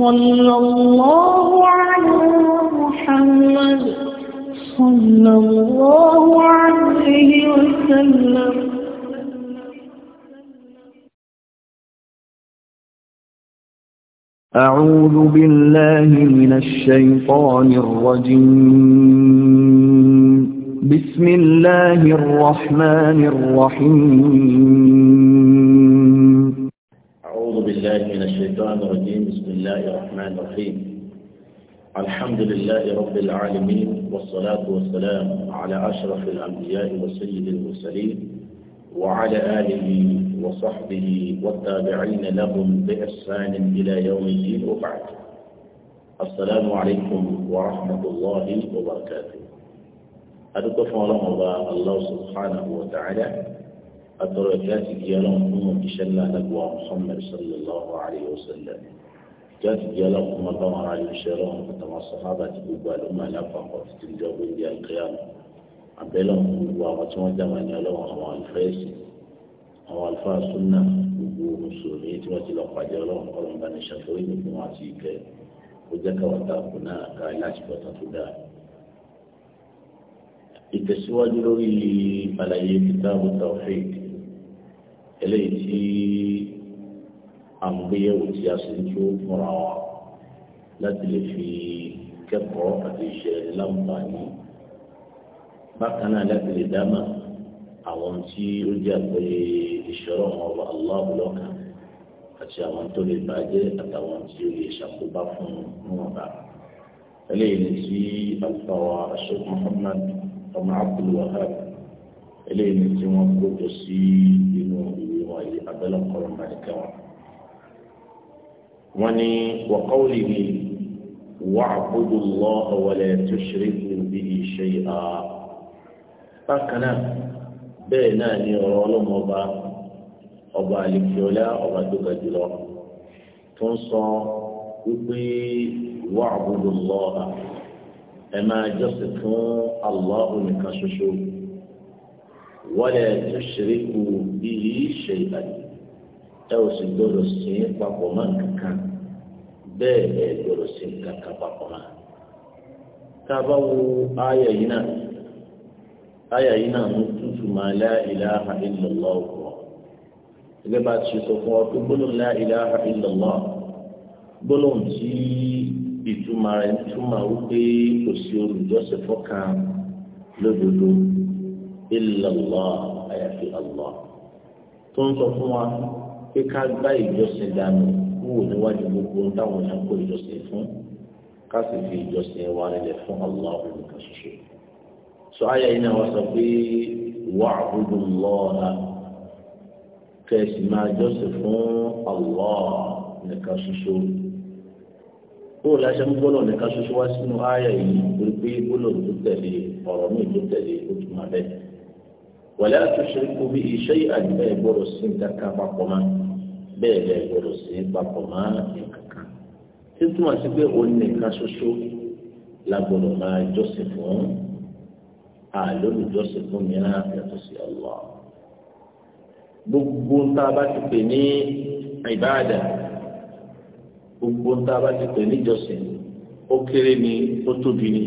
صلى الله على محمد صلى الله عليه وسلم أعوذ بالله من الشيطان الرجيم بسم الله الرحمن الرحيم بالله من الشيطان الرجيم بسم الله الرحمن الرحيم الحمد لله رب العالمين والصلاة والسلام على أشرف الأنبياء وسيد المرسلين وعلى آله وصحبه والتابعين لهم بإحسان إلى يوم الدين وبعد السلام عليكم ورحمة الله وبركاته أدوك الله الله سبحانه وتعالى atọrọ ìfẹ́ àti ìdí ọlọ́run fún òjíṣẹ́ ńlá àdàbọ̀ Muhammad sallallahu alayhi wa sallam ìfẹ́ àti ìdí ọlọ́run fún ọba àwọn aráàlú iṣẹ́ ọlọ́run àtàwọn sàhábà àti gbogbo àlùmọ̀ aláfàkọ́ títí ìjọ gbogbo àkíyàmù àbẹ́lẹ̀ ọ̀hún gbogbo àwọn tí wọ́n jàmà ní ọlọ́run àwọn àlùfẹ́ẹ̀sì àwọn àlùfáà súnà gbogbo mùsùlùmí tí wọ́n ti lọ pàdé ọlọ́run kọ́lọ́n bá ní ṣàfihàn ìlú fún wọn àti ìkẹ́ kó jẹ́ ìtẹ̀síwájú lórí àlàyé kìtàbù tawhid eléyìí tí à ń gbéyẹ̀wò tí a ń tó fúnra wa láti lè fi kẹ́kọ̀ọ́ àti ìṣẹ̀lẹ̀ láǹfààní bákan náà láti lè dámà àwọn tí ó jẹ́ àgbẹ̀yẹ ìṣòro ọ̀rọ̀ aláàbùlọ́kà àti àwọn tó lè bàjẹ́ àtàwọn tí ó lè ṣàkóbá fún níwọ̀nba. eléyìí ni tí àlùfáà Sheikh Muhammad ọmọ abdulwahab eléyìí ni tí wọ́n kó jọ sí inú ìlú. wọn yìí abẹ́lẹ̀ kọ́lọ́ bá ní kẹwọn. wọ́n ní wọ́kọ́wùlì mi wà àbúdù lọ ọ̀wọ́lẹ̀ tó ṣeré fún bí iṣẹ́ ìhà. bákan náà bẹ́ẹ̀ náà ni ọ̀rọ̀ ọlọ́mọba ọba àlèkèọlá ọba tó ga jùlọ tó ń sọ wípé wà àbúdù lọ ẹ máa jọ́sìn fún Allah nìkan ṣoṣo wala tushriku bihi shay'an ẹ ò sì gbọdọ̀ sí papọ̀ mọ́ kankan bẹ́ẹ̀ ẹ gbọdọ̀ sí kankan papọ̀ mọ́. tá a bá wo ayé yìí náà ayé yìí náà ń tútù máa la ilaha illallah ọkọ̀ gẹ́gẹ́ bá ti sọ fún ọ pé gbólóhùn la ilaha illallah gbólóhùn tí ìtumọ̀ rẹ̀ ń túmọ̀ wípé kò sí olùjọ́sìn fọ́kàn lódodo ìlọlọ àyàfi ọlọ tó ń sọ fún wa pé ká gbá ìjọsìn dànù kúrò níwájú gbogbo táwọn yẹn kó ìjọsìn fún ká sì fi ìjọsìn wa rẹ̀ fún ọlọ olùkọ́ ṣoṣo sọ ayé yìí náà wọ́n sọ pé wa'budu Allaha kẹsì máa jọ́sìn fún Allah nìkan ṣoṣo ó láṣẹ ń gbọ́dọ̀ nìkan ṣoṣo wá sínú ayé yìí pé gbọ́dọ̀ tó tẹ̀lé ọ̀rọ̀ mi tó tẹ̀lé ó tún máa bẹ́ẹ̀ wọlé àtúnṣe kò bí iṣẹ́ àgbẹ̀ ìgbọ́dọ̀ sí kankan papọ̀ mọ́ bẹ́ẹ̀ bẹ́ẹ̀ gbọ́dọ̀ sí papọ̀ mọ́ nǹkan títúmọ̀ sí pé òun nìkan ṣoṣo la gbọ́dọ̀ máa jọ́sìn fún àlólùjọ́sìn fún mìíràn yàtọ̀ sí Allah gbogbo ńta bá ti pè ní ìbáàdà gbogbo ńta bá ti pè ní ìjọsìn ó kéré ni ó tóbi ni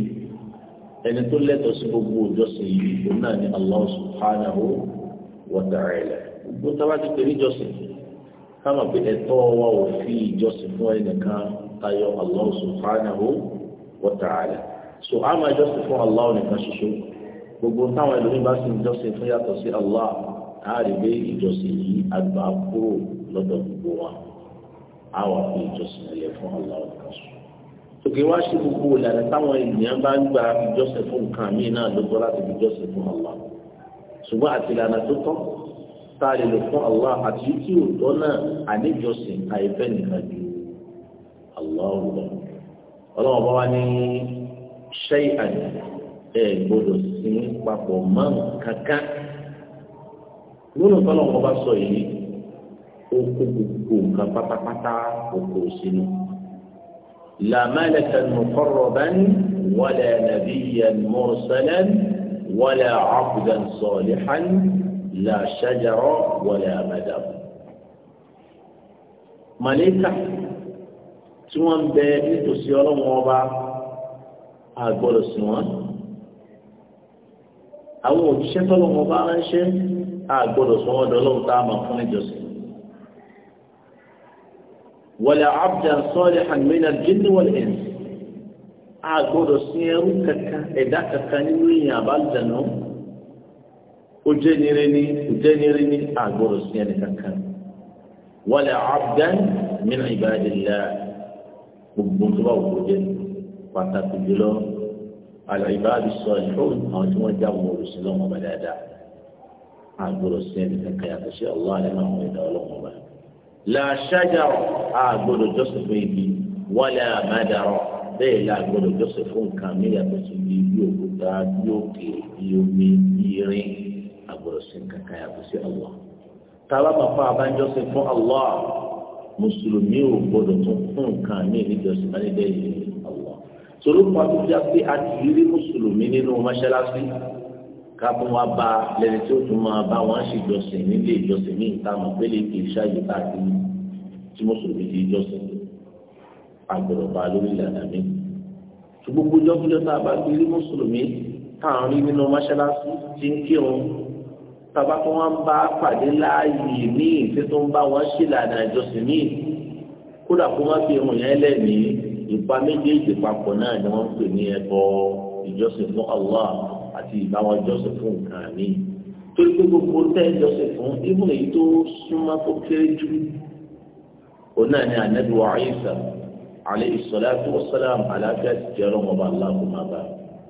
ẹni tó lẹ́tọ̀ọ́ sí gbogbo ìjọsìn yìí òun náà ni Allah subhanahu wa ta'ala gbogbo tábà ti pèrè ìjọsìn káwọn pé ẹ̀tọ́ wa ò fi ìjọsìn fún ẹnìkan tayọ Allah subhanahu wa ta'ala so a máa jọ́sìn fún Allah nìkan ṣoṣo gbogbo táwọn ẹlòmíín bá sì ń jọ́sìn fún yàtọ̀ sí Allah àárẹ̀gbé ìjọsìn yìí àgbà kúrò lọ́dọ̀ gbogbo wa a wà fi ìjọsìn ẹ̀yẹ fún Allah nìkan ṣoṣo òkè wá sí gbogbo ìlànà táwọn ènìyàn bá ń gba ìjọsìn fún nǹkan míì náà ló gbọ́ láti fi jọsìn fún Allah ṣùgbọ́n àti ìlànà tó tọ́ tá a lè lò fún Allah àti tí ò tọ́ náà àníjọsìn àìfẹ́ nìkan ju Allah lọ ọlọ́wọ́n bá wá ní ṣẹ́yìn ẹ̀ gbọ́dọ̀ sí papọ̀ mọ́ kankan lónìí tọ́lọ́wọ́n bá sọ yìí ó kó gbogbo nǹkan pátápátá kò kò لا ملكا مقربا ولا نبيا مرسلا ولا عبدا صالحا لا شجر ولا مدب ملكا سوان بيدي تسيولا موبا أقول سوان أو شفا موبا أنشي أقول سوان دولو تاما خنجوسي wala abdan salihan min al-jinn wal-ins a gbọ́dọ̀ sí ẹrú kankan ẹ̀dá kankan nínú ìyìn àbájáná ó jẹ́ nire ní ó jẹ́ nire ní a gbọ́dọ̀ sí ẹni kankan wala abdan min ibadillah gbogbo tó bá wù jẹ́ pàtàkì jùlọ al-ibadu salihun àwọn tí wọ́n já wọn olùsìn lọ́wọ́ bá a gbọ́dọ̀ sí ẹni kankan yàtọ̀ sí làṣájàrọ àgbọ́dọ̀ jọ́sìn fún ibi wálé àmàdàrọ bẹ́ẹ̀ la gbọ́dọ̀ jọ́sìn fún nǹkan mi yàtọ̀ sí bí bí òkúta bí òkè bí omi bí irin àgbọ́dọ̀ sí nǹkan kan yàtọ̀ sí Allah tàbá bàbá abájọ́sìn fún Allah mùsùlùmí ò gbọ́dọ̀ tún fún nǹkan mi níjọ́sìn bá níbẹ̀ yìí Allah sọlọ́pàá tó já sí àtìrí mùsùlùmí nínú mọ́ṣáláṣí kápẹ́ wá bá lẹ́ni tí ó tún máa bá wọn ṣe ìjọsìn nílé ìjọsìn ní ìta mọ̀ pé lè kì í ṣáàyè káàkiri tí mo sòrò ti ìjọsìn àgbọ̀dọ̀ bá lórí ìlànà mi. gbogbo jọ́kújọ́ tá a bá gbé ilé mùsùlùmí táwọn rí nínú mọ́ṣáláṣí ti ń kírun tàbá tó wọn bá pàdé láàyè míì tí tó ń bá wọn ṣe ìlànà ìjọsìn míì kódà kó má fi hàn yẹn lẹ́mìí ìpa méjèèjì papọ̀ náà ni wọ́n pè ní ẹ̀kọ́ ìjọsìn fún Allah àti ìbáwọn jọ́sìn fún nǹkan mi torí pé gbogbo tẹ́ jọ́sìn fún ibùn èyí tó súnmọ́ tó kéré jù òun náà ni ànábì wa Ìsá alayhi salatu wa salam àlàáfíà ti jẹ́ ọlọ́mọ bá aláàbò máa bá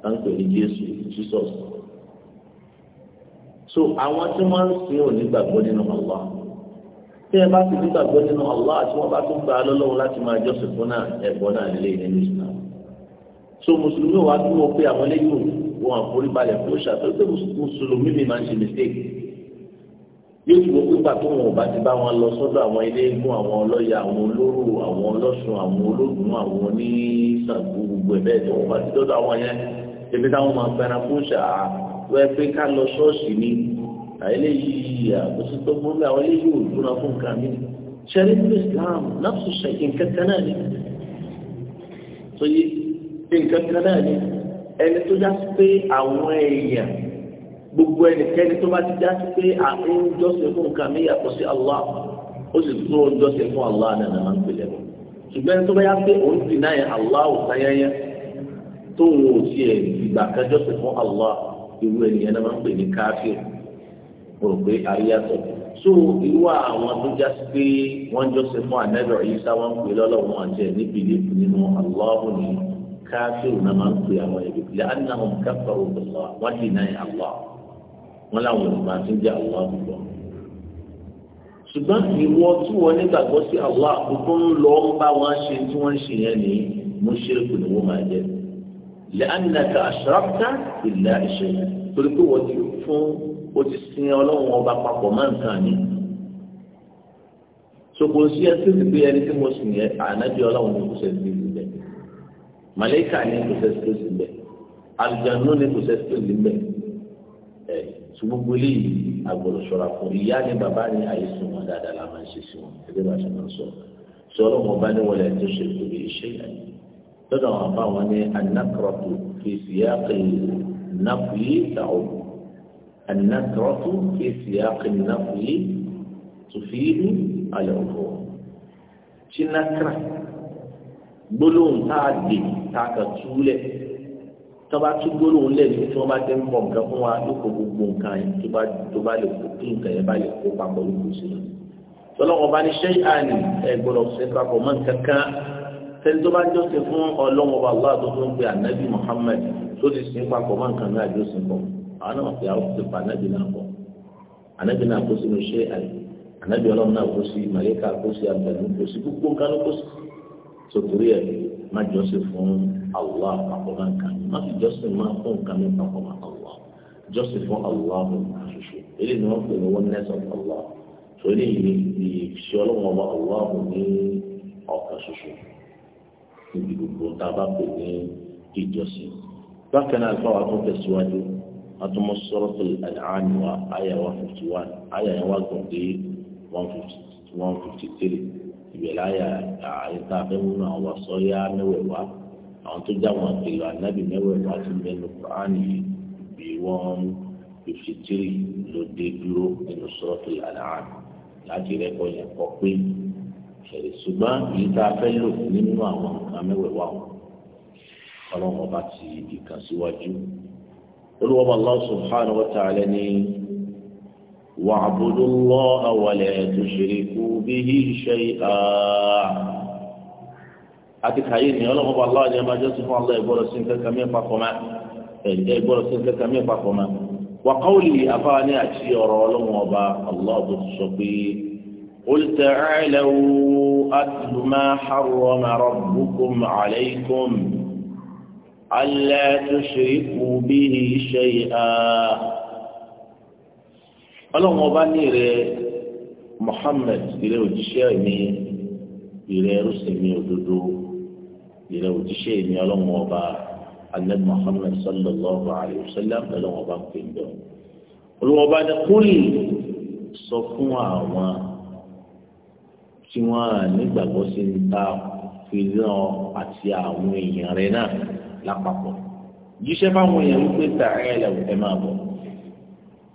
a ń pè ní Jésù Jesus. so àwọn tí wọ́n ń sin òní gbàgbọ́ nínú Allah tí ẹ bá ti ní gbàgbọ́ nínú Allah àti wọ́n bá tún gba lọ́lọ́wọ́ láti máa jọ́sìn fún náà ẹ̀bọ náà nílé nínú Islam so mùsùlùmí wa tún mọ̀ pé àwọn eléyìí wọn àforí balẹ̀ fún ṣàtọ́ pé mùsùlùmí mi máa ń ṣe mistake yóò tún wọ́n pípa tó wọn ò bá ti bá wọn lọ sọ́dọ̀ àwọn ilé eégún àwọn ọlọ́yà àwọn olóró àwọn ọlọ́sùn àwọn olóògùn àwọn oníṣàgbò gbogbo ẹ̀ bẹ́ẹ̀ tí wọ́n bá ti dọ́dọ̀ àwọn yẹn ebi táwọn máa fẹ́ràn fún ṣàá wọ́n ẹ pé ká lọ ṣọ́ọ̀ṣì ni àìléyìí àkóso tó mú mi àwọn eléyìí ò dúnra fún nǹkan mi ṣẹ́rí fún Islam náà tún nǹkan kan náà ni ẹni tó já sí pé àwọn èèyàn gbogbo ẹnikẹ́ni tó bá ti já sí pé àwọn ìjọsìn fún nǹkan mi yàtọ̀ sí Allah ó sì tún ó jọsìn fún Allah nànà máa ń pèlè bọ̀ ṣùgbọ́n tó bá yá pé òun dì náà Allah ò sáyẹ́yẹ́ tó ń wò sí ẹ̀ ìgbà kan jọsìn fún Allah irú ènìyàn náà máa ń pè ní káfíìn mo rò pé àríyàtọ̀ so irú àwọn tó já sí pé wọ́n jọsìn fún ànẹ́bẹ̀rẹ̀ yìí sá wọ́n káfíìn náà máa ń pè àwọn ẹbí lẹ anáwó káfà òbọlọ wọn dì náà àlọ wọn làwọn olùmọ̀ àti jẹ àlọ àbúrò ṣùgbọ́n ìwọ tí wọn nígbàgbọ́ sí àlọ àkókò ń lọ ń bá wọn ṣe tí wọn ń ṣe yẹn ní mọṣẹlẹkù ni wọn máa jẹ lẹ anáka ìlà ìṣe torí pé wọn ti fún o ti sin Ọlọ́run ọba papọ̀ máa ń kàn ní sọkò sí ẹsẹ màlẹ́kà ní kò sẹ́ sípèsì ń bẹ̀ àlùjànnú ní kò sẹ́ sípèsì ń bẹ̀ ẹ̀ ṣùgbọ́n eléyìí agbọ̀dọ̀ ṣọ́ra fún ìyá ni bàbá ni àìsàn wọn dáadáa la máa ń ṣe sí wọn ẹgbẹ́ bá ṣe máa ń sọ sọ̀rọ̀ wọn bá ní wọlé tó ṣe torí iṣẹ́ yàrá lọ́dọ̀ àwọn àbá wọn ní anákọ̀rọ̀tù fèsì àkèyè nàfìlì tàwọn anákọ̀rọ̀tù fèsì àkèyè nàfìlì tùfìlì àlẹ́ òfò gbólóhùn tá a ta kàn túlẹ̀ tó bá tún gbólóhùn lẹ̀ ní tí wọ́n bá tẹ́ ń pọ̀ nǹkan fún wa yóò kó gbogbo nǹkan yẹn tó bá tó bá lè kó kí nǹkan yẹn bá lè kó papọ̀ lóko sí i. tọ́lọ́wọ́n bá ní ṣẹ́yìn àní ẹ̀ gbọ́dọ̀ ṣe papọ̀ mọ́ nǹkan kan tẹ́lẹ̀ tó fún ọlọ́wọ́n bá wà tó tó ń pe ànábì Muhammad tó ti sìn papọ̀ mọ́ nǹkan náà jọ́sìn pọ̀ àwọn náà fi àwọn ti pa ànábì náà pọ̀ ànábì náà kó sínú ṣẹ́ àní ànábì ọlọ́run náà kó sí màlẹ́kà kó sí àbẹ̀lú kó sí gbogbo nǹkan kó sí sòtúrí ẹ̀ má jọ́sìn fún Allah àpapọ̀ máa ń kà mí má sì jọ́sìn máa fún nǹkan mi papọ̀ máa Allah jọ́sìn fún Allah ṣoṣo eléyìí ni wọ́n pè ní one ness of Allah tó eléyìí ni ìṣe ọlọ́wọ́n ọba Allah ní ọ̀kan ṣoṣo níbi gbogbo tá a bá pè ní ìjọsìn bákan náà fáwọn àtúntẹ̀síwájú atọmọ sọrọtọ àdáhàníwá àyàwá fifty one àyàwá gbọ̀ngé one fifty three ibẹ̀ láyà àyíká abẹ́múnú àwọn àsọ́yá mẹ́wẹ̀ẹ̀wá àwọn tó já wọn àpèlò ànábì mẹ́wẹ̀ẹ̀wá ti mẹ́nu kùránì bí wọ́n fifty three ló dé dúró nínú Suratul An'am láti rẹ́pọ̀ yẹn kọ́ pé ṣẹlẹ̀ ṣùgbọ́n èyí fẹ́ lò nínú àwọn nǹkan mẹ́wẹ̀ẹ̀wá wọn ọlọ́run ọba ti ìkànsíwájú olúwọ́ba Allah subhanahu wa ta'ala ní. واعبدوا الله ولا تشركوا به شيئا àti kàyé ni ọlọ́run bá aláwọ̀ jẹ́ máa jẹ́ sùn fún aláwọ̀ ìgbọ́dọ̀ sí nǹkan kan mẹ́fà kọ́má ẹ̀jẹ̀ ìgbọ́dọ̀ sí nǹkan kan mẹ́fà kọ́má wà káwùlì afáwa ní àti ọ̀rọ̀ ọlọ́run ọba aláwọ̀ tó ti sọ pé olùtẹ̀rẹ́lẹ̀wò àtùmá harrama rabbukum alaykum alla tushriku bihi shay'a ọlọ́run ọba ní rẹ Muhammad ìrẹ òjíṣẹ́ mi ìrẹ ẹrúsìn mi òdodo ìrẹ òjíṣẹ́ mi ọlọ́run ọba alẹ́ Muhammad sallallahu alayhi wa sallam ọlọ́run ọba ń pè ń bẹ̀ ọlọ́run ọba ní kúlì sọ fún àwọn tí wọ́n nígbàgbọ́ sí ń ta fìlàn àti àwọn èèyàn rẹ náà lápapọ̀ jíṣẹ́ fáwọn èèyàn wípé tààrà ẹ̀ lẹ́wọ̀ ẹ̀ máa bọ̀.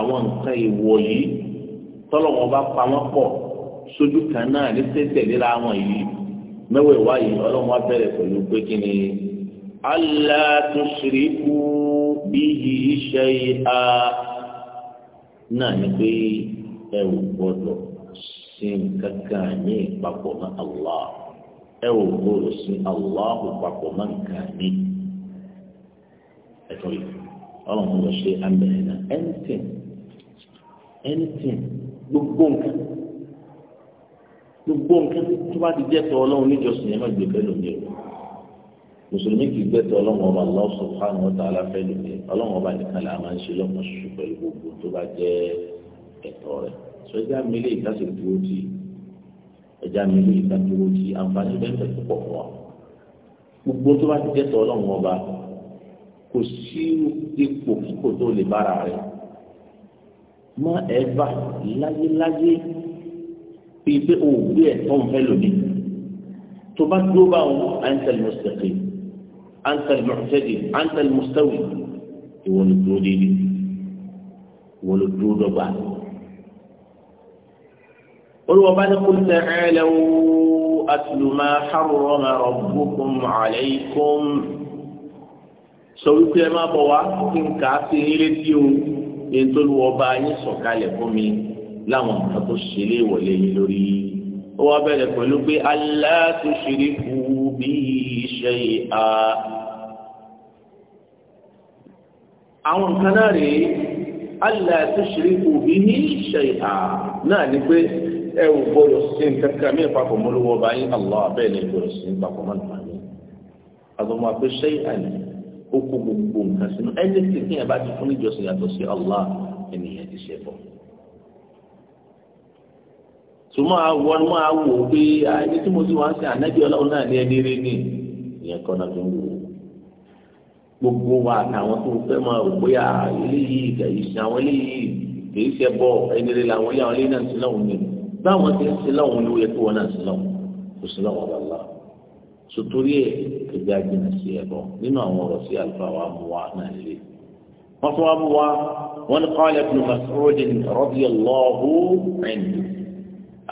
àwọn nǹkan èèwọ̀ yìí tọ́lọ́wọ́n bá pa wọ́n pọ̀ sójú kan náà ní tẹ́tẹ̀léra wọn yìí mẹ́wẹ̀ẹ́wá yìí ọlọ́run wá bẹ̀rẹ̀ pẹ̀lú pé kí ni alla tushriku bihi shay'a náà ni pé ẹ ò gbọ́dọ̀ sí kankan ní ìpapọ̀ mọ́ Allah ẹ ò gbọ́dọ̀ sí Allah ìpapọ̀ mọ́ nǹkan ní ẹ̀tọ́ yìí ọlọ́run lọ ṣe àmì náà ẹ̀ ń tẹ̀ anything gbogbo nǹkan gbogbo nǹkan tó bá ti jẹ́ tọ́ ọlọ́run níjọsìn yẹn má gbé bẹ́ẹ̀ lómi o mùsùlùmí kì í gbé tọ́ ọlọ́run ọba Allah subhanahu wa ta'ala fẹ́ lómi ọlọ́run ọba nìkan là máa ń ṣe lọ́kàn ṣoṣo pẹ̀lú gbogbo tó bá jẹ́ ẹ̀tọ́ rẹ̀ sọjá mi lè dá sí dúró tì ẹjá mi lè dá dúró tì àǹfààní bẹ́ẹ̀ púpọ̀ fún wa gbogbo tó bá ti jẹ́ tọ́ ọlọ́run ọba kò sí ipò kíkò tó lè bára rẹ̀ má ẹ̀fà láyéláyé fi pé o ò gbé ẹ̀tọ́ nfẹ́ lómi tó bá dúró bá wọn antal mustaqim antal mu'tadil antal mustawi ìwọ ló dúró déédéé ìwọ ló dúró dọ́gba. olùwọ́ba ní kò tẹ̀ ẹ́ lẹ́wọ́. أتل ما حرم ربكم عليكم سويت ما بوا إن كاسي لديو ntoluwọ bá yín sọ̀kalẹ̀ fún mi láwọn nǹkan tó ṣe lé wọlé lórí ó bẹ̀rẹ̀ pẹ̀lú pé Allah tó ṣeré kú bí iṣẹ́ ìhà. àwọn nǹkan náà rèé Allah tó ṣeré kú bí iṣẹ́ ìhà náà ni pé ẹ ò gbọ́dọ̀ sí nǹkan kan mí papọ̀ mọ́ lówó Allah bẹ́ẹ̀ ni sí nǹkan papọ̀ mọ́ lọ́wọ́ yín. àgbọ̀n máa pé nìyí. ó gbogbo nǹkan sínú ẹni tí kí yẹn bá ti fún ìjọsìn sí Allah ti ṣe ni wò ó pé tí mo ti wá ń náà ní ẹni ni náà fi ń wò ó. gbogbo wa àtàwọn tó fẹ́ máa rò bóyá eléyìí kẹ̀yì sí àwọn eléyìí kìí ṣe bọ̀ ẹni rí làwọn ilé náà ń sin lọ́wọ́ báwọn ti ń sin sotori ẹ e, ẹgbẹ agbẹnà sí ẹbọ nínú àwọn ọ̀rọ̀ sí àlùfáà wa mú wa náà lè wọn fún wa mú wa wọn ní qala ibn Mas'ud radiyallahu anhu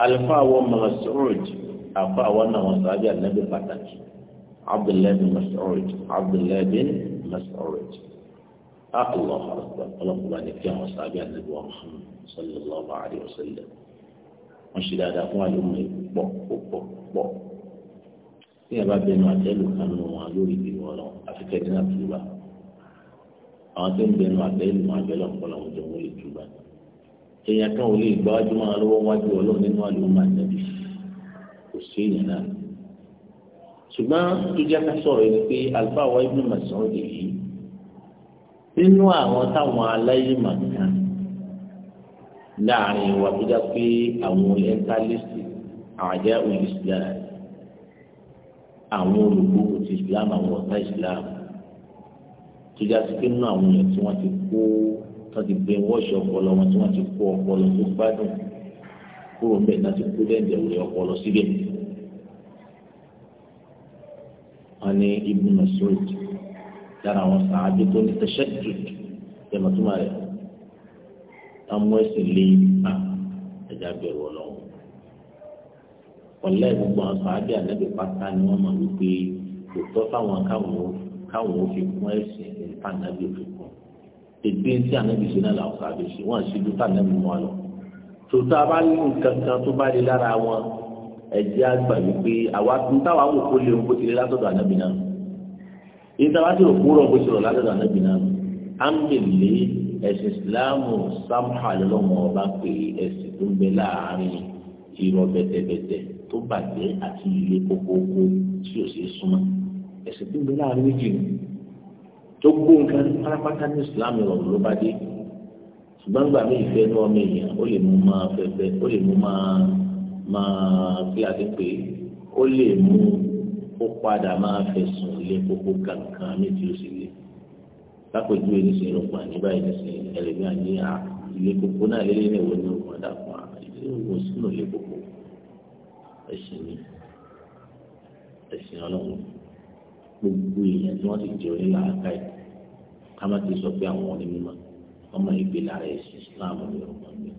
àlùfáà wa Mas'ud àlùfáà wa náà wọn sábẹ ànábẹ pàtàkì Abdullahi bin Mas'ud Abdullahi bin Mas'ud Allahu ọlọpàá ní kí àwọn sábẹ ànábẹ wa Muhammad sallallahu alayhi wa sallam wọn ṣe dáadáa fún àlùmọ ìpọ pọ pọ tí yẹn bá bẹnu àtẹ́lù kan nù wọn yóò rí ìbíwọ́ lọ àfikẹ́ ní àtúbà àwọn tó ń bẹnu àtẹ́lù wọn àbẹ́lẹ̀ ọ̀pọ̀lọ̀ wọn tó ń wọlé túbà èèyàn kan ò lè gbọ́ wájú máa lọ́wọ́ wájú ọlọ́run nínú àlùmọ́ àtẹ́lù kò sí èèyàn náà ṣùgbọ́n tó jẹ́ ká sọ̀rọ̀ yìí pé àlùfáà wa Ibn Mas'ud yìí nínú àwọn táwọn aláìmọ̀kan láàrin wa pé àwọn orientalist àjẹ́ òyìnbó àwọn olùgbòho ti islam àwọn ọ̀tá islam tó já sí pé nínú àwọn èèyàn tí wọ́n ti kó tó ti gbé wọ́ọ̀ṣì ọpọlọ wọn tí wọ́n ti kó ọpọlọ tó gbádùn kúrò mbẹ́ náà ti kó dẹ́ndẹ̀ wẹ̀ ọpọlọ síbẹ̀. wọ́n ní ibn Mas'ud lára àwọn sàájú tó ní tashaddud tẹ̀mọ̀túmọ̀ rẹ̀ àwọn ẹ̀sìn lè pa ẹ̀dá bẹ̀rù ọlọ́run ọ̀lẹ́ gbogbo àwọn sàábì ànábì pátá ni wọ́n máa wípé kò tọ́ fáwọn káwọn ó fi kún ẹ̀sìn nípa ànábì fi kún ègbé tí ànábì ṣe náà làwọn sàábì ṣe wọ́n ṣe ju tànábì wọn lọ tòótọ́ abá ní kankan tó bá lè lára wọn ẹ̀jẹ̀ àgbà wípé àwa tún táwa wò kó lè ohun bó ti lé látọ̀dọ̀ ànábì náà èyí táwa ti rò kúrọ̀ bó ti rọ̀ látọ̀dọ̀ ànábì náà àmìlẹ̀ ẹ̀sìn ìsìláàmù sámúhà lọ́wọ́ ọba pé ẹ̀sìn tó ń bẹ láàárín irọ́ bẹ̀tẹ̀bẹ̀tẹ̀ tó bàjẹ́ àti ilé kókókó tí ò sí súnmọ́ ẹ̀sìn tó ń bẹ láàrin méjì ni tó gbó nǹkan pátápátá ní islam ìrọ̀rùn ló bá dé ṣùgbọ́n gbà mí ìfẹ́ ní ọmọ èèyàn ó lè mú máa fẹ́fẹ́ ó lè mú máa máa kí a ti pè é ó lè mú ó padà máa fẹ̀sùn ilé kókó kankan ní ó sì lè lápèjúwe ní sèrògbà ní báyìí ní sèrògbà ní àná ilé koko náà lélẹ́ ní ìwọ ní wọn dàpọ̀ àwọn ilé ìwọ sínú ilé koko ẹ̀sìn ni ẹ̀sìn ọlọ́run gbogbo èèyàn tí wọ́n ti jẹ́ orí làákà yìí ká má ti sọ pé àwọn onímọ̀ ọmọ ìgbé lára ẹ̀sìn Islam ní ọmọ mi.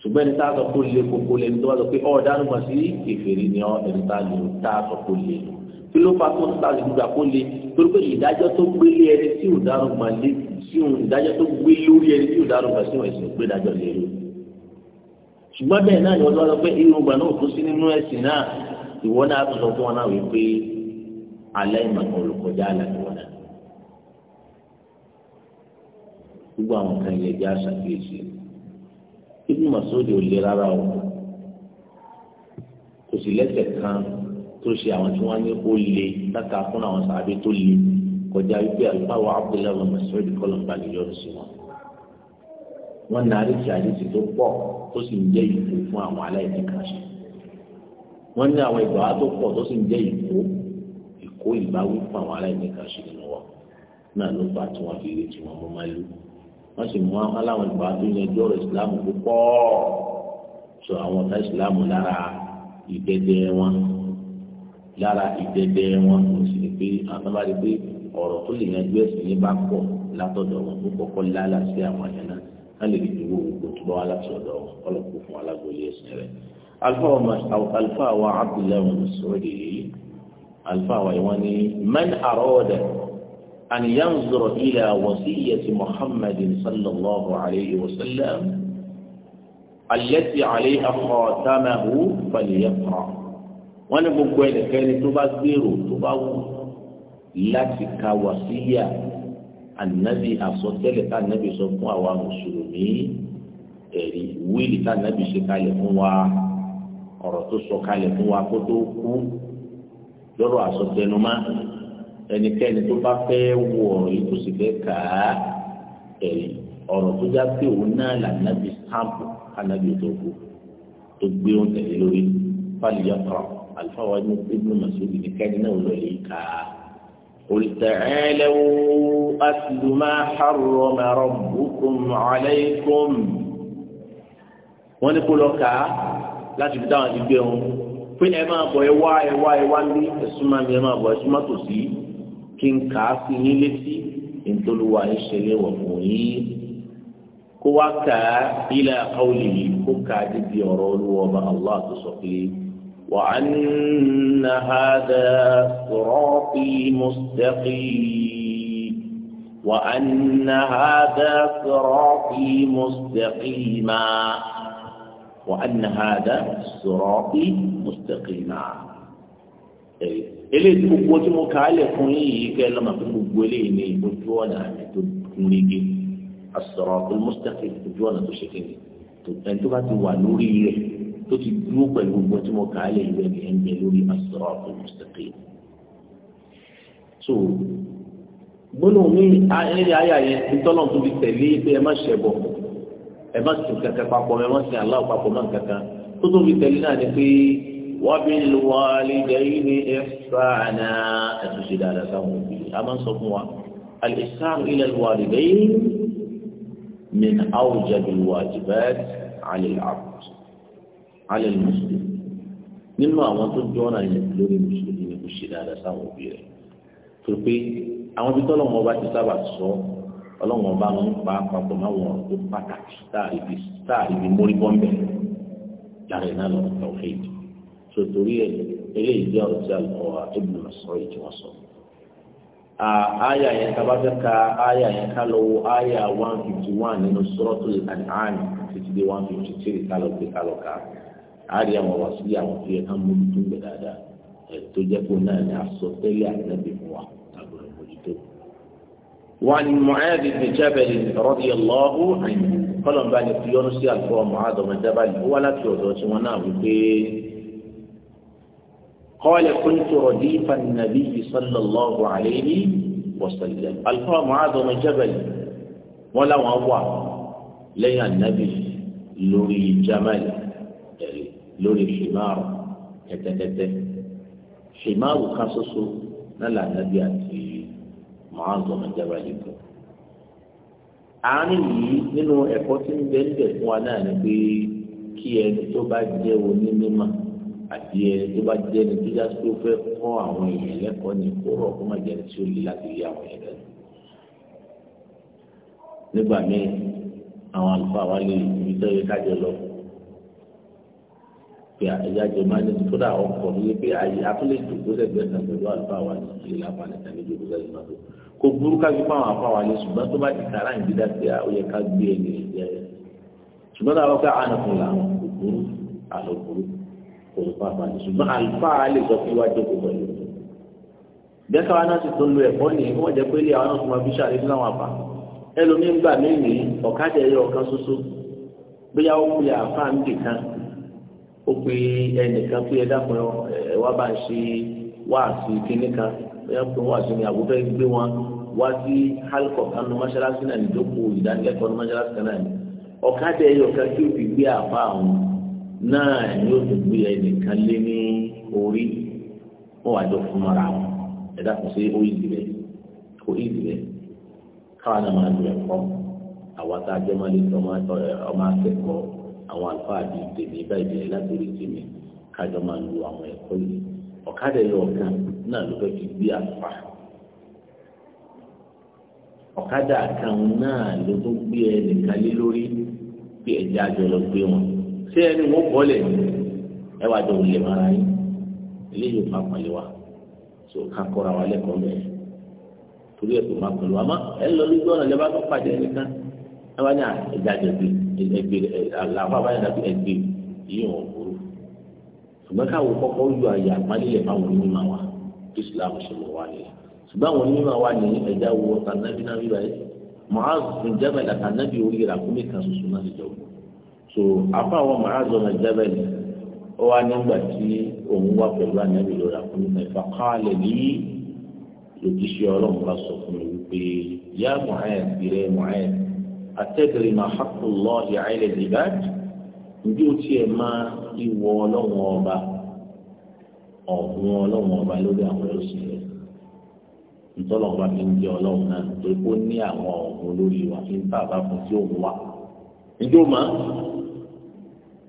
ṣùgbọ́n ẹni tá a sọ pé olè koko lẹni tó wá sọ pé ọ̀ọ́dánù mọ̀ sí kèfèrí ni ọ ẹni tá a tá a sọ pé olè lò kí ló fà tó ń ta ìdúgà kó le torí pé ìdájọ́ tó gbélé ẹni tí ò dárò máa lé tí òun ìdájọ́ tó gbé lórí ẹni tí òun dárúkọ sí wọn ẹ̀sìn pé dájọ́ lè rí ṣùgbọ́n bẹ́ẹ̀ náà ni wọ́n lọ pé irú ọgbà náà tó sí nínú ẹ̀sìn náà ìwọ náà tó sọ fún wọn náà wípé alẹ́ ìmọ̀kan olùkọjá àlàyé wọn náà gbogbo àwọn kan ilé ẹgbẹ́ àṣàkíyèsí ibi mọ̀sódì ò lè rárá o kò sì lẹ́sẹ̀ kan tó ṣe àwọn tí wọ́n ní ó le láta fún àwọn sàábé tó le kọjá wípé alùpàwọ abdullahi wa masoud kọlọmba lè yọrù sí wọn wọn na àríṣì àríṣì tó pọ̀ tó sì ń jẹ ìkó fún àwọn aláìní kan ṣe wọn ní àwọn ìgbà tó pọ̀ tó sì ń jẹ ìkó ìkó ìbáwí fún àwọn aláìní kan ṣe nínú wọn náà ló fà tí wọn fi rí wọn mú máa lù wọn sì mú aláwọn ìgbà tó yanjú ọ̀rọ̀ ìsìlámù púpọ̀ sọ àwọn ọ̀tá ìsìlámù lára ìdẹdẹ wọn lára ìdẹdẹ wọn kò sì ní pé àtàbàdì ọ̀rọ̀ tó lè yanjú ẹ̀sìn yìí bá pọ̀ látọ̀dọ̀ wọn ó kọ́kọ́ lálà sí àwọn àyàn náà ká lè fi dúró gbogbo tó bá wà láti ọ̀dọ̀ wọn kọ́lọ́kù fún alágbóyè ẹ̀sìn rẹ̀. alfa wa abdullahi musoori yìí alfa wa ìwọ́n ni man arọ́ọ̀dà an yanzuro ila wasiyyati muhammadin sallallahu alayhi wa sallam alẹ́tì alayha khatamuhu falyaqra wọ́n ní gbogbo ẹnikẹ́ni tó bá gbèrò tó bá wù láti ka wàsíyà ànábì àsọtẹ́lẹ̀ tá ànábì sọ fún àwa mùsùlùmí ẹ̀rí wíìlì tá ànábì ṣe kalẹ̀ fún wa ọ̀rọ̀ tó sọ kalẹ̀ fún wa kó tó kú lọ́rọ̀ àsọtẹnumá ẹnikẹ́ni tó bá fẹ́ wọ ọ̀rọ̀ yìí tó sì fẹ́ kà á ẹ̀rí ọ̀rọ̀ tó já pé òun náà là ànábì sáàpù ànábì tó kú tó gbé òun tẹ̀lé lórí fàlìyà kan àlùfáà wa ní ibùdó màsíwìlì ní kẹ́ni náà lọ yìí kà á. قل تعالوا أتل ما حرم ربكم عليكم wọ́n ní kó lọ kà á láti fi dáhùn ìgbé wọn pé ẹ máa bọ̀ ẹ wá ẹ wá ẹ wá ní ẹ̀sùn máa ní ẹ máa bọ̀ ẹ̀sùn máa tò sí kí n kà á sí yín létí ìtòlúwa ìṣẹ̀lẹ̀ wọ̀ fún yín kó wá kà á ilẹ̀ àkàwọ̀lì yìí kó kà á dídì ọ̀rọ̀ olúwọ̀ ọba Allah tó sọ pé. وأن هذا صراطي مستقيم وأن هذا صراطي مستقيما وأن هذا صراطي مستقيما eléyìí gbogbo tí mo kàálẹ̀ fún yìí kẹ́ ẹ lọ́mọ fún gbogbo eléyìí ní ojú ọ̀nà àmì tó gúnrégé as-sirātul mustaqīm ojú ọ̀nà tó ṣe kéde ẹni tó bá ti wà lórí rẹ̀ tó ti dúró pẹ̀lú gbogbo tí mo kà á lè lọ ẹ̀yẹ́ ń bẹ lórí as-siratul mustaqim. so gbólóhùn ní ẹ̀yà ayà yẹn nítọ́lọ́ tó fi tẹ̀lé pé ẹ má ṣẹbọ ẹ má sìn kankan papọ̀ ẹ má sìn aláwọ̀ papọ̀ má kankan tó tó fi tẹ̀lé náà ni pé wa bil walidayni ihsana ẹ̀túnṣe dáadáa sáwọn òbí a máa ń sọ fún wa al-ihsan ila al-walidayni min awjabil wajibat 'ala al-'abd alẹ́ mùsùlùmí nínú àwọn tó jọ ọ̀nà yẹn lórí mùsùlùmí ni kò ṣe dáadáa sáwọn òbí rẹ̀ tó pé àwọn ibi tọ́lọ́mọ ọba ti sábà sọ ọlọ́mọ ọba ń pa papọ̀ máa wọ̀ tó pàtàkì táàrí ibi mórí bọ́m̀bẹ̀ lára iná lọ tọ̀fẹ́ tó torí ẹ̀ eléyìí jẹ́ ọ̀rọ̀ tí àlùkò ibùdó sọ èyí tí wọ́n sọ. Aya yẹn kaba fẹ́ ka aya yẹn ká lọ wo aya one fifty one nínú Suratul An'am títí dé one fifty three ká lọ gbé ká lọ ká àárí àwọn wà sí àwọn tó yẹ ká mójútó gbẹ dáadáa ẹ tó jẹ kó náà ní àsọtẹ́lẹ̀ ànábì fún wa àgbọrọ mójútó. وعن معاذ بن جبل رضي الله عنه قال بعد في يونس الفو معاذ بن جبل ولا تيودوس وانا قال كنت رديف النبي صلى الله عليه وسلم الفو معاذ بن جبل ولا وهو لي النبي لوري جمال lórí ṣìmáàrù tẹ́tẹ́tẹ́tẹ́ ṣìmáàrù kan ṣoṣo náà lànàbí àti Mu'adh ọmọ ìjọba yìí kù. àárín yìí nínú ẹ̀kọ́ tí ń bẹ níbẹ̀ fún wa náà ni pé kí ẹni tó bá jẹ́ onímọ̀ àti ẹni tó bá jẹ́ ẹni tó já sí ó fẹ́ kọ́ àwọn èèyàn lẹ́kọ̀ọ́ ní kóró ọkọ́ má jẹ́ ẹni tí ó lè láti rí àwọn èèyàn lẹ́nu. nígbà míì àwọn àlùfáà wa lè ibi tó yẹ ká jẹ lọ fún pé ẹ̀yà jọ máa ní tó dáa ọkọ̀ ní pé ayé atúlẹ̀ ìdòkó sẹ́gbẹ̀ẹ́ náà pẹ̀lú àlùfáà wa ní ilé àpàlẹ̀ tàbí ìdòkó sẹ́gbẹ̀ẹ́ náà tó kò burú ká fi fáwọn afáwà lé ṣùgbọ́n tó bá ti kára ìdídá pé ó yẹ ká gbé ẹni ẹ̀yẹ rẹ̀ ṣùgbọ́n táwọn ká ànàkùn làwọn kò burú àlọ́ burú kò ní fáwọn àlè ṣùgbọ́n àlùfáà lè sọ pé wájú kò pẹ̀lú bẹ́ẹ̀ka wa náà ti tó lu ẹ̀kọ́ ni wọ́n jẹ́ pé ilé àwọn náà fún wa bí sáré fún àwọn àpá ẹlòmíín gbà mí ní ọ̀kadà ẹ̀yọ ọ̀kan ṣoṣo gbéyàwó kúlẹ̀ àfáà ń dì kan ó pe ẹnìkan pé ẹ dákun ẹ wá bá ń ṣe wáàsí kínní kan ẹ pé wáàsí ni àbúfẹ́ gbé wọn wá sí halkọ kanu mọ́ṣáláṣí náà níjókòó ìdánilẹ́kọ̀ọ́ ní mọ́ṣáláṣí náà ni ọ̀kadà ẹ̀yọ̀ kan tí ó fi gbé àfa àwọn náà ni ó ti gbé ẹnìkan lé ní orí wọn wàá jọ fún ara wọn ẹ dákun sí ó yìí rẹ yìí rẹ káwọn náà máa àwọn a àwọn àlùfáà bíi tèmi báyìí bẹ̀rẹ̀ látòrí tèmi kájọ máa lu àwọn ẹ̀kọ́ yìí ọ̀kadà yìí ọ̀kan náà ló fẹ́ fi gbé àfa ọ̀kadà kan náà ló tó gbé ẹnìkan lé lórí pé ẹ̀jẹ̀ àjọ lọ gbé wọn ṣé ẹni wọ́n bọ́lẹ̀ ẹ wá jọ yín wa tó ká kọ́ra wa lẹ́kọ̀ọ́ mẹ́rin torí ẹ̀ máa pẹ̀lú wa má ẹ lọ lójú ọ̀nà ẹgbẹ́ àlàfà báyìí dàbí ẹgbẹ́ yìí wọn kúrú ṣùgbọ́n káwọn kọ́kọ́ yọ àyè àpálílẹ̀ fáwọn onímọ̀ wa islam ṣe lọ wá nìyẹn ṣùgbọ́n àwọn onímọ̀ wa ní ẹja wo tànàbí náà wíwáyé Mu'az bin Jabal àtànàbí orí rà fún mi kan ṣoṣo náà ṣe jọ̀wọ́ so afa àwọn Mu'az bin Jabal ó wá nígbà tí òun wá pẹ̀lú ànábì lọ́ra fún mi kan ìfàkàlẹ̀ ní lòdì sí ọlọ́run bá sọ fún mi wípé yá Mu'az bìrẹ̀ Mu'az àtẹ́tẹ̀rì máa hàkú lọ ìyá ilẹ̀ ìbáàdì ǹjẹ́ o tiẹ̀ máa ìwọ ọlọ́wọ́n ọba ọ̀hún ọlọ́wọ́n ọba lórí àwọn ẹ̀sìn rẹ̀ ntọ́lọ̀ ọba fi ń jẹ ọlọ́run náà torí kó ní àwọn ọ̀hún lórí wa fi ń bá àbá fún tí òun wà ǹjẹ́ o máa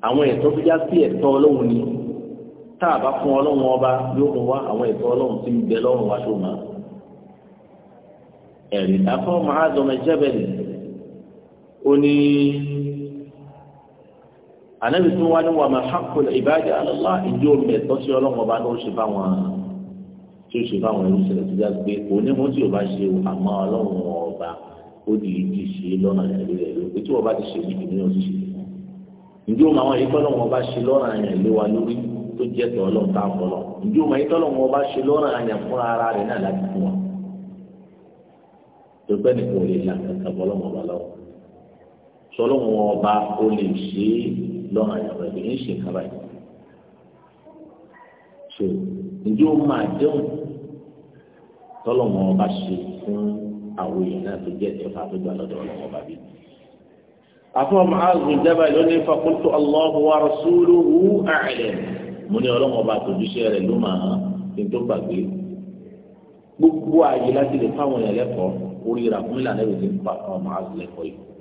àwọn ẹ̀tọ́ tó já sí ẹ̀tọ́ ọlọ́run ni tá a bá fún ọlọ́run ọba yóò mú àwọn ẹ̀tọ́ ọlọ́run tí ń bẹ lọ́rùn wa tó máa ẹ̀rì dáfọ́ máa dọ̀mẹ́jẹ́bẹ̀lì ó ní ànábì tó wá ní wà máa haqqul ibadi ala Allah ìjọ mẹ́tọ́ sí ọlọ́wọ́ bá ní ó ṣe bá wọn tí ó ṣe bá wọn ìṣẹ̀lẹ̀ tó dáa pé onímọ̀ tí ò bá ṣe àmọ́ ọlọ́run ọba ó di ìdí ṣe lọ́nà ìrìn rẹ̀ lórí tí wọ́n bá ti ṣe ìdí ní ọdún ṣe ǹjẹ́ òun àwọn ìtọ́lọ̀ wọn bá ṣe lọ́nà àyàn lé wa lórí tó jẹ́ tọ́ sọlọ́wọ́n ọba ó lè ṣe é lọ́nà ìyàwó ẹ̀bí ní ṣe kábàá so ǹjẹ́ ó máa dẹ́hùn tọ́lọ́wọ́n ọba ṣe fún àwọn èèyàn náà tó jẹ́ ẹ̀fà tó gbà lọ́dọ̀ ọlọ́wọ́n ọba bí. afọ màázù jábà lónìí fakultu Allahu wa rasuluhu a'lam mo ní ọlọ́wọ́n ọba àtòjúṣe rẹ̀ ló máa ń tó gbàgbé gbogbo àyè láti lè fáwọn èèyàn lẹ́kọ̀ọ́ orí ìràkúnlẹ̀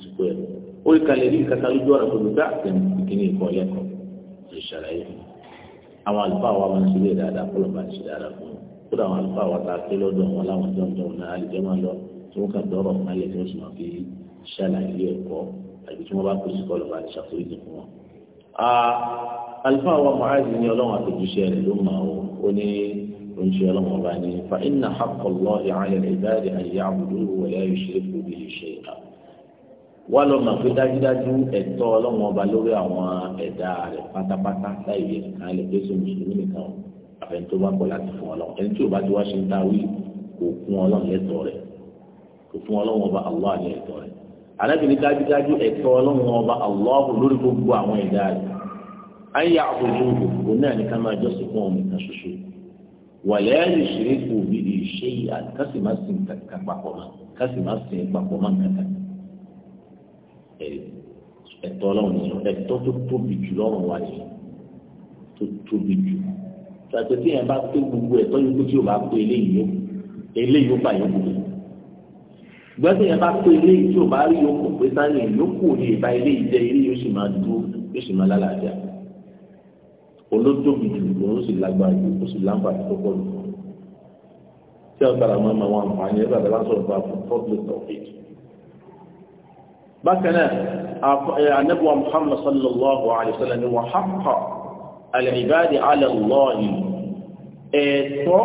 àsìkò ẹ̀ ó yẹ kalẹ̀ rí ìkàtà lójú ọ̀rọ̀ pẹ̀lú tá ìkíní ìkọ́ lẹ́kọ̀ọ́ lè ṣàlàyé àwọn àlùfáà wa máa ń ṣeré dáadáa kó ló máa ń ṣe dáadáa fún un kódà àwọn àlùfáà wa ta ké lọ́dọ̀ wọn láwọn jọ́njọ́ náà àlùjọ́ máa lọ tí wọ́n kà dọ́rọ̀ mọ́lẹ̀ tí wọ́n sì máa fi ṣàlàyé ẹ̀kọ́ àbí tí wọ́n bá kó sí kọ́ ló máa ṣàforíjì fún wọn. àlùfáà wa Mu'adh ní ọlọ́run àtòjúṣe rẹ̀ ló máa wọ ó ní إن شاء الله وبعدين فإن حق الله على أن يعبدوه ولا يشركوا به شيئا wá lọ mà pé dájúdájú ẹ̀tọ́ ọlọ́run ọba lórí àwọn ẹ̀dá rẹ̀ pátápátá láì yẹ kàn lè pèsè mùsùlùmí nìkan o àfẹn tó bá pọ̀ láti fún ọlọ́run ẹni tí ò bá ti wá ṣe ń dáwí kò fún ọlọ́run lẹ́tọ̀ọ́ rẹ̀ kò fún ọlọ́run ọba allah ní ẹ̀tọ́ rẹ̀ alábìrin dájúdájú ẹ̀tọ́ ọlọ́run ọba allah lórí gbogbo àwọn ẹ̀dá rẹ̀ ayé àbójú òkú náà ní ẹ̀tọ́ ọlọ́run nìyẹn ẹ̀tọ́ tó tóbi jù lọ́rùn wa nìyẹn tó tóbi jù tàbí tí yẹn bá pé gbogbo ẹ̀tọ́ yìí kó tí o bá pé eléyìí yó eléyìí yó bá yókù pé gbẹ́sẹ̀ yẹn bá pé eléyìí tí o bá rí yókù pé sáyẹn yókù ò lè ba eléyìí jẹ eléyìí yóò sì máa dúró yóò sì máa lálàáfíà olótóbi jù òun sì lágbára jù ó sì láǹfààní tó pọ̀ jù tí ọ̀gbára máa ma wọn àǹfààní ẹ̀ bàbá lásọ̀rọ̀ bá fún public bákanáà anábíwá muhammad sallallahu alayhi wa sallam wa haqqa al-ibadi ala Allahi ẹ̀tọ́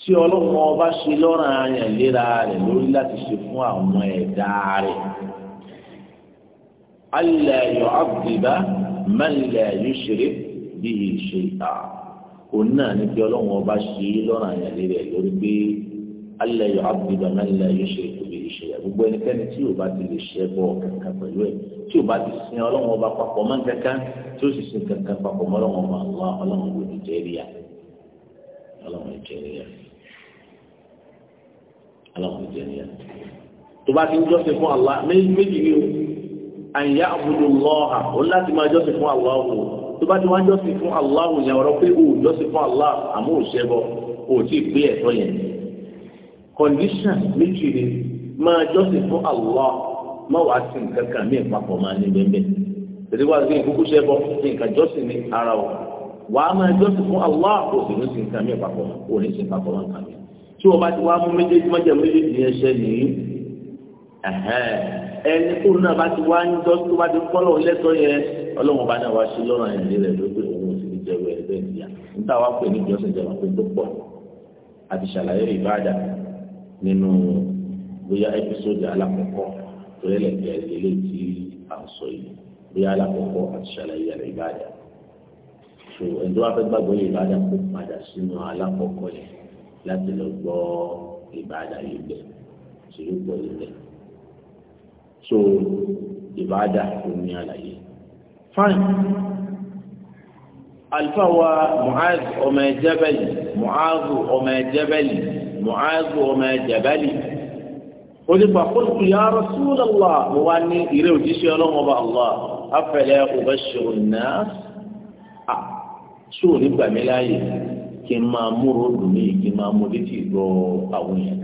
tí ọlọ́run ọba ṣe lọ́rùn àyàn léra rẹ̀ lórí láti ṣe fún àwọn ẹ̀dá rẹ̀ alla yu'adhiba man la yushrik bihi shay'a òun náà ní kí ọlọ́run ọba ṣe lọ́rùn àyàn léra lórí pé alẹ́ yọ abidjan náà lẹ́ yọ ṣe tóbi ìṣe yẹ gbogbo ẹnikẹ́ni tí o bá ti lè ṣe bọ̀ kankan pẹ̀lú ẹ̀ tí o bá ti sin ọlọ́run ọba papọ̀ mọ́ kankan tí o sì sin kankan papọ̀ mọ́ ọlọ́run ọba wa ọlọ́run wò ní jẹ́ríà ọlọ́run jẹ́ríà ọlọ́run jẹ́ríà tó bá ti ń jọ́sìn fún Allah méjì ni o àyà àbúrò lọ́ọ̀hà ó láti máa jọ́sìn fún Allah o tó bá ti wá jọ́sìn fún Allah o condition méjì ni máa jọ́sìn fún Allah má wàá sí nǹkan kan mí ìpapọ̀ máa ní bẹ́ẹ̀ wá sí ara ọ wàá máa jọ́sìn fún Allah kò sì ní sí nǹkan mí ìpapọ̀ kò ní sí ìpapọ̀ máa tí wọ́n bá ti wá mú méjèèjì méjèèjì yẹn ẹni náà bá ti wá ń jọ tó bá ti kọ́lọ̀ yẹn ọlọ́run bá náà wá sí lọ́rọ̀ rẹ̀ òun sì nínú bóyá ẹpísódì alákọ̀ọ́kọ́ tó yẹ lẹ́gbẹ̀ẹ́ eléyìí tí a ń sọ yìí bóyá alákọ̀ọ́kọ́ àti ṣàlàyé ẹ̀rọ ìbáàdà so ẹni tó wá fẹ́ gbàgbọ́ yìí ìbáàdà kó padà sínú alákọ̀ọ́kọ́ yẹn láti lọ gbọ́ ìbáàdà yìí bẹ̀ tí yóò gbọ́ yìí bẹ̀ so ìbáàdà tó ní àlàyé fine alifa wa ọmọ ẹjẹ bẹ́ẹ̀ mu'az ọmọ ẹjẹ bẹ́ẹ̀ mu'azu ọmọ jabali ó ní fàkóso ya rasulallah mo wá ní ìrẹ òjíṣẹ́ ọlọ́run ọba allah afẹlẹ ọba ṣòro náà à ṣòro nígbà mi láàyè kí n máa múrò dùn mí n máa mú létí ìgbọ́ ní lóòótọ́ àwọn fún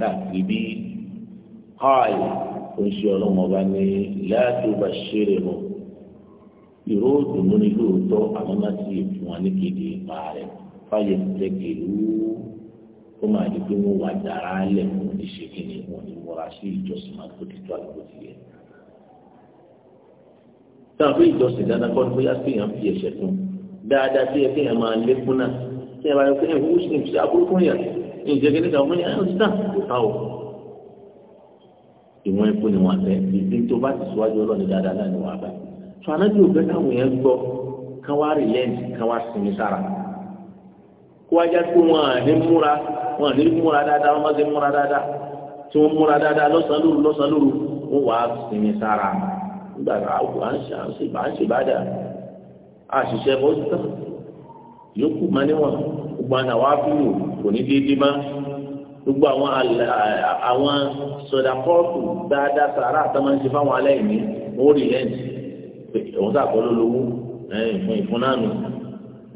wa ní kéde rẹ̀ fáyẹ̀ kó máa di pé wọ́n wà dára lẹ̀ wọ́n ní ṣe kí ni wọ́n ní múra sí ìjọsìn máa tó ti tó àgbò ti yẹ. táwọn fún ìjọsìn dáadáa kọ́ ni bóyá sí èèyàn fi ẹ̀ṣẹ̀ tún dáadáa sí ẹ kéèyàn máa lékún náà kí ẹ bá yọ kéèyàn wúwo sí ìfisà burúkú yẹn ìjẹ́ kí nígbà wọ́n ní ayọ̀ sísá kò o. ìwọ̀n ẹ̀kọ́ ni wọ́n àtẹ ìdí tó bá ti síwájú ọlọ́ni dáadáa náà kó wájá pé wọn à ní múra wọn à ní múra dáadáa wọn má ṣe múra dáadáa tí wọn múra dáadáa lọ́sàn-án lóru lọ́sàn-án lóru wọn wàá sinmi sára nígbà tá a wò à ń ṣe à ń ṣe bá ń ṣe bá dà àṣìṣe bó ti tán yòókù má níwọ̀n gbogbo àná wàá fi wò kò ní déédéé má gbogbo àwọn àwọn sọdàkọ́ọ̀tù dáadáa sàrà àtàwọn ṣe fáwọn aláìní wọn ò rí lẹ́ǹtì òun sàkọ́ lólobó fún ìfúnnánu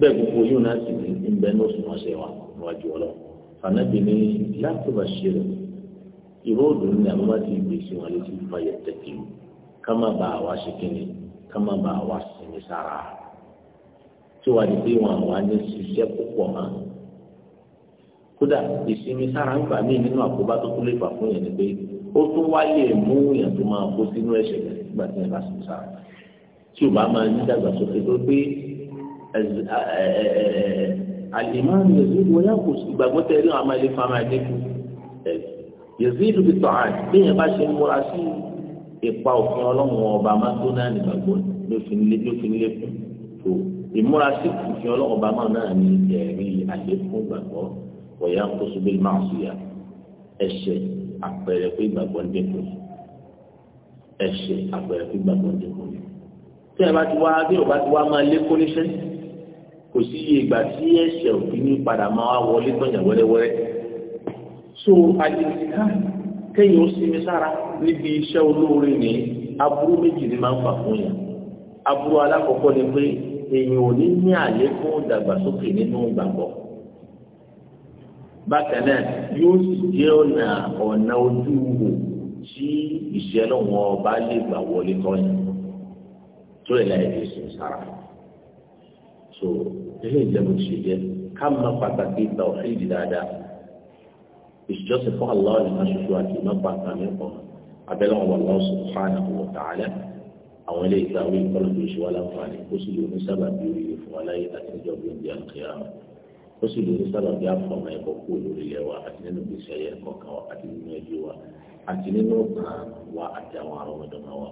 bẹ́ẹ̀ gbogbo yóò náà sì ní ìbẹ́ ní oṣù wọn ṣe wà níwájú ọlọ́ fànàbí ní látọ̀bà ṣe rẹ̀ ìró òdòdó ni àbábá ti gbé sí wọn létí fàyẹ tẹ̀kì ká má bàa wá ṣe kíni ká má bàa wá sinmi sára tí wàá di pé wọn àwa ní ṣiṣẹ́ púpọ̀ mọ́ kódà ìsinmi sára ń gbà mí nínú àkóbá tó kúlẹ̀ fà fún yẹn ni pé ó tún wáyé mú yẹn tó máa kó sínú ẹ̀ṣẹ̀ nígbà tí yẹn bá sinmi sára tí alimami yazidu wọn yà kó ìgbàgbọ́ tẹ̀lé wọn àmọ́ ilé fama ẹ̀ dínkù yazidu bi tọ́hán bẹ́ẹ̀ bá ṣe ń múra sí ipa òfin ọlọ́run ọba máa tó náà nígbàgbọ́ lófin lékún tó ìmúra sí òfin ọlọ́run ọba máa náà ní ẹ̀rí àlékún gbàgbọ́ ọ̀yà kó sóbẹ́ máa sùn yà ẹ̀ṣẹ̀ àpẹẹrẹ pé ìgbàgbọ́ ń dínkù ẹ̀ṣẹ̀ àpẹẹrẹ pé ìgbàgbọ́ ń dínkù tẹ́ ẹ bá ti wá bí ọba ti wá máa lékún níṣẹ́ kò sí iye ìgbà tí ẹ̀ṣẹ̀ òfin ní padà máa wọlé tọ̀yàn wẹ́rẹ́wẹ́rẹ́ so àdìsíká kéèyàn ó sinmi sára níbi iṣẹ́ olóore ní aburú méjì ni máa ń fà fún yàn aburú alákọ̀ọ́kọ́ ni pé èèyàn ò ní ní àlékún ìdàgbàsókè nínú ìgbàgbọ́ bákan náà yóò sì jẹ́ ọ̀nà ọ̀nà ojú wò tí ìṣẹ́ lọ́wọ́ bá lè gbà wọlé tọ̀yàn tó lè láì fi sùn sára so ilé ìjẹun ṣe jẹ ká má pàtàkì tàwọ́fíìdì dáadáa ìṣèjọsìn fún aláwọ̀ nìkan ṣoṣo àti iná pàtàkì pọ̀ abẹ́lẹ́ wọn wà lọ́wọ́ subhanahu wa ta'ala àwọn ilé ìgbà wí kọ́lọ́ tó ṣe wá láǹfààní ó sì lè ní sábà bí oríire fún aláyé àti níjọ bí ìdí àkíyàmù ó sì lè ní sábà bí àfọmọ ẹ̀kọ́ kú lórí ilẹ̀ wa àti nínú gbèsè ayé ẹ̀kọ́ kan àti nínú ẹbí wa àti nínú ọ̀tàn wa àti àwọn àrọ̀mọdọ́mọ wa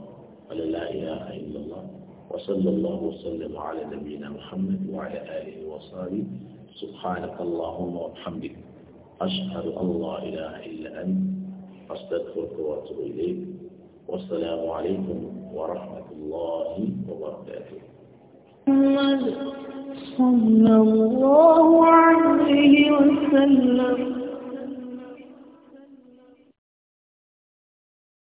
ọlọ́lá ìyá àìlọ́lá وصلى الله وسلم على نبينا محمد وعلى آله وصحبه سبحانك اللهم وبحمدك أشهد أن لا إله إلا أنت أستغفرك وأتوب إليك والسلام عليكم ورحمة الله وبركاته محمد صلى الله عليه وسلم